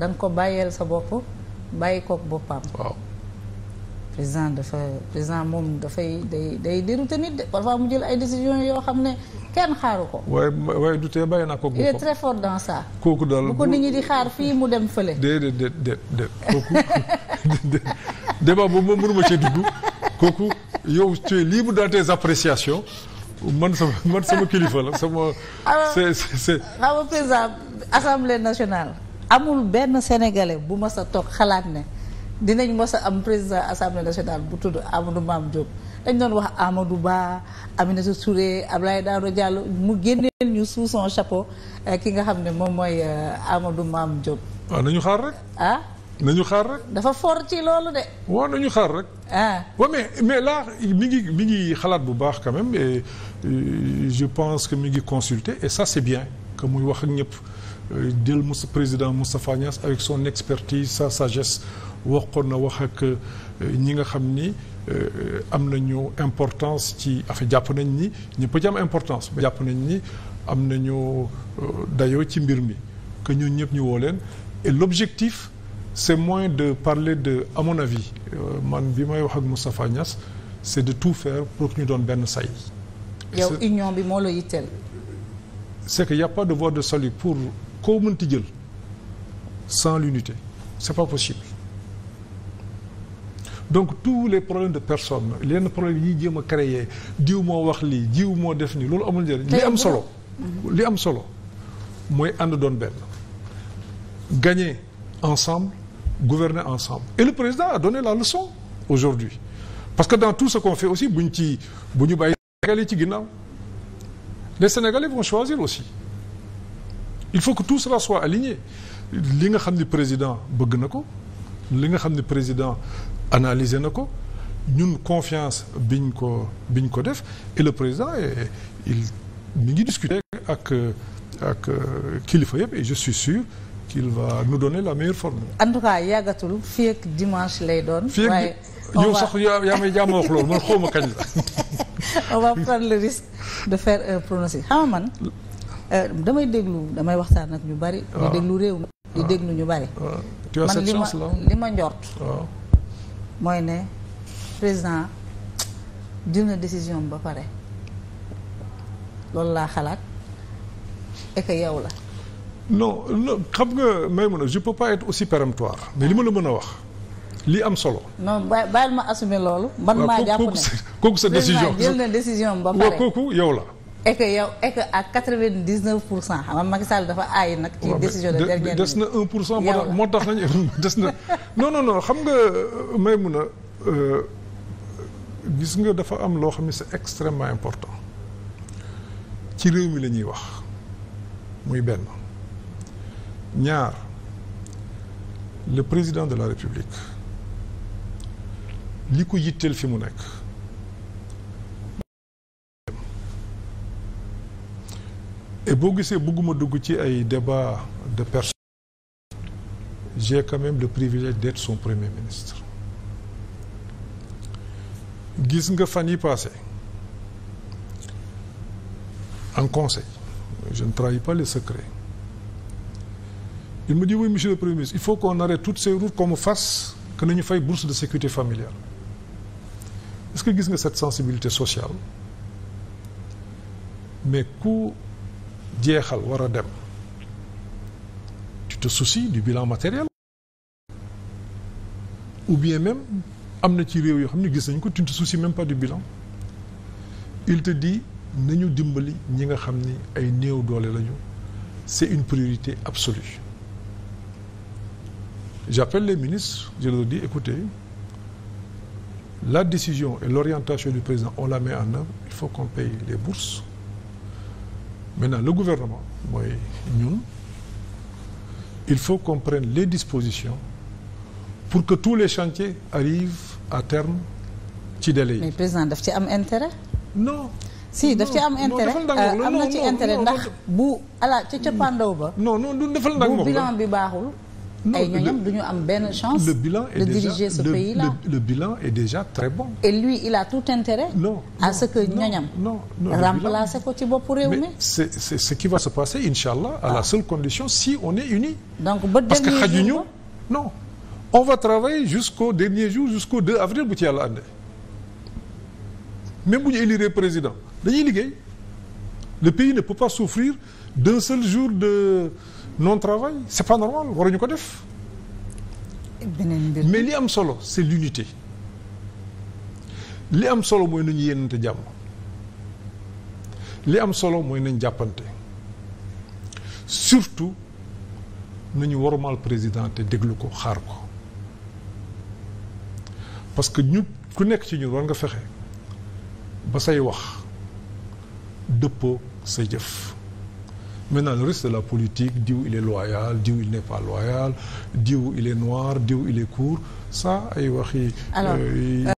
da ko bàyyeel sa bopp bàyyi kook boppam. waaw président dafa président moom dafay day day dérouté nit de parfois mu jël ay décisions yoo xam ne kenn xaaru ko. waaye waaye du tee bàyyi naa kooku daal bu ko nit ñi di xaar fii mu dem fële. déedéet déet déet kooku débat boobu moom mënuma cee dugg kooku yow tu man sama man sama kilifa la sama. c'est c'est xam nga président assemblée nationale. amul benn sénégalais bu mas a toog xalaat ne dinañ mas a am président assemblée nationale bu tudd Amadou Mame Diop dañ doon wax Amadou Ba Aminata Touré Abdoulaye Daouda Diallo mu génneel ñu sous son chapeau eh, ki nga xam ne moom mooy eh, Amadou Mame Diop. waaw ah, nañu xaar rek. ah nañu xaar rek. dafa fort ci loolu de. waaw nañu xaar rek. ah waaw mais mais là mi ngi mi ngi xalaat bu baax quand même et euh, je pense que mi ngi consulter et ça c'est bien que muy wax ak ñëpp. jël Moussa président Moustapha Niass avec son expertise sa sagesse waxoon na wax ak euh, ñi nga xam ni euh, am ñu importance ci affaire jàpp nañ ni ñëpp ci am importance jàpp nañ ni am nañu euh, dayo ci mbir mi que ñu ñëpp ñu woo leen et l'objectif c'est moins de parler de à mon avis man bi may wax ak Moustapha Niass c'est de tout faire pour que ñu doon benn say yow union bi moo la yitteel c'est que y de voie de salut pour koo mënti jël sans l'unité c'est pas possible donc tous les problèmes de personne lenn problème yi jéem a créer jiw moo wax li jiw moo def nii loolu amul njëriñ li am solo li am solo mooy ànd done benn gagner ensemble gouverner ensemble et le président a donné la leçon aujourd'hui parce que dans tout ce qu'on aussi bu ñu ci bu ñu bàyyi ci ginnaaw les Sénégalais vont choisir aussi il faut que tout cela soit aligné li nga xam ni président bëgg na ko li nga xam ni président analyser na ko ñun confiance biñ ko biñ ko def et le président il mi ngi discuter ak ak kilifa yëpp et je suis sûr qu'il va nous donner la meilleure formule. en tout cas yàggatul fii ak dimanche lay doon. waaye yow sax yaa may jàmm wax loolu man xaw ma kañ la. on va prendre le risque de faire un pronostic man. Euh, damay déglu damay waxtaan ak ñu bari. di déglu réew mi di déglu ñu bari. man li ma li ma njort. mooy ne président jël na décision ba pare loolu laa xalaat et yow la. non xam nga Maïmouna je peux pas être aussi péremptoire mais li ma la mën a wax. li am solo. non bàyyil ma assumer loolu. man maa jàpp ne kooku sa décision. jël na décision ba pare kooku yow la. et que yow et que à quatre-vingt-dix-neuf pour cent xam nga Macky dafa ay nag. ci décision de des na un pour cent moo tax nañu des na non non non xam nga euh, Maïmouna euh, gis nga dafa am loo xam ne c'est extrêmement important ci réew mi la ñuy wax muy benn ñaar le président de la République li ko yitteel fi mu nekk. et boo gisee bëgguma dugg ci ay débat de personne j'ai quand même le privilège d'être son premier ministre gis nga fan yi passé en conseil je ne trahis pas les secrets il me dit monsieur le premier ministre il faut qu'on arrête toutes ces routes qu'on me fasse nañu fay bourse de sécurité familiale est-ce que gis nga cette sensibilité sociale mais ku jeexal war a dem tu te soucies du bilan matériel ou bien même am na ci réew yoo xam ne gis nañ ko tu ne même pas du bilan il te dit nañu dimbali ñi nga xam ni ay néew doole lañu c'est une priorité absolue j'appelle les ministres je leur dis écoutez la décision et l'orientation du président ola mais met en œuvre il faut qu'on paye les bourses maintenant le gouvernement mooy ñun il faut qu'on les dispositions pour que tous les chantiers arrivent à terme ci délai yi. mais président daf ci am intérêt. non si daf ci am intérêt euh, am na ci intérêt ndax bu ala ca cappaandaw ba. non non du defal ndànk moom bu bilan bi baaxul. ay ñooñam du ñu am benn chance. le bilan est de déjà, diriger ce le, pays là le, le bilan est déjà très bon. et lui il a tout intérêt. non à ce que ñooñam. non non remplacer ko ci bopp réew mi. c'est c'est ce qui va se passer incha allah à ah. la seule condition si on est unis. donc ba parce que xajuñu non on va travailler jusqu'au dernier jour jusqu'au 2 avril bu ci yàlla àndee même bu ñu élire président dañuy liggéey le pays ne peut pas souffrir d'un seul jour de. non travail c'est pas normal waruñu ko def. mais li am solo c'est l'unité li am solo mooy nañu yéenante jàmm li am solo mooy nañ jàppante surtout nañu warumal président te déglu ko xaar ko parce que ñu ku nekk ci ñun war nga fexe ba say wax dëppoo say jëf. maintenant le reste de la politique diw il est loyal diw il n'est pas loyal diw il est noir diw il est court ça ay waxi euh,